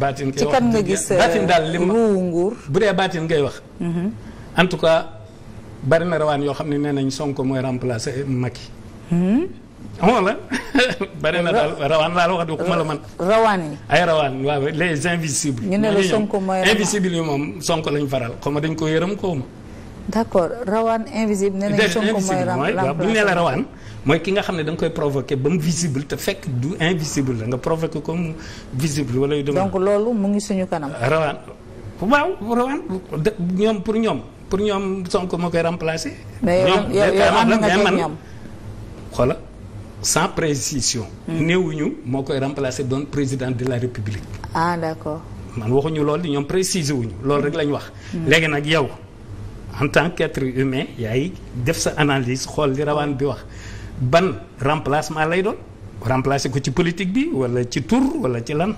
baatin ci kan nga gis baatin daal li euh, ma nguur bu dee baatin ngay wax. Mhm. en tout cas bari na rawaan yoo xam ne nee nañ Sonko mooy remplacer Macky. xam mhm. la bari na daal rawaan laa la wax de ku ma la man rawaan yi ay rawaan waaw les invisibles. ñu ne la Sonko moom Sonko lañ faral xaw dañ ko yërëm koo d'accord rawaan invisible nee nañu Sonko mooy remplaçant bu ñu nee la mooy ki nga xam ne da nga koy provoquer ba mu visible te fekk du invisible la nga provoquer ko mu visible wala yu dem donc loolu mu ngi suñu kanam. rawaan waaw rawaan ñoom pour ñoom pour ñoom Sonko moo koy remplacer. ñoom yow yow am hmm. néewuñu moo koy remplacer doon président de la république. ah d'accord. man waxuñu loolu ñoom préciser wuñu loolu rek lañ wax. Hmm. léegi nag yow. en tant qu'être humain yaay def sa analyse xool li rawaan bi wax ban remplacement lay doon remplacer ko ci politique bi walla ci tur walla ci lan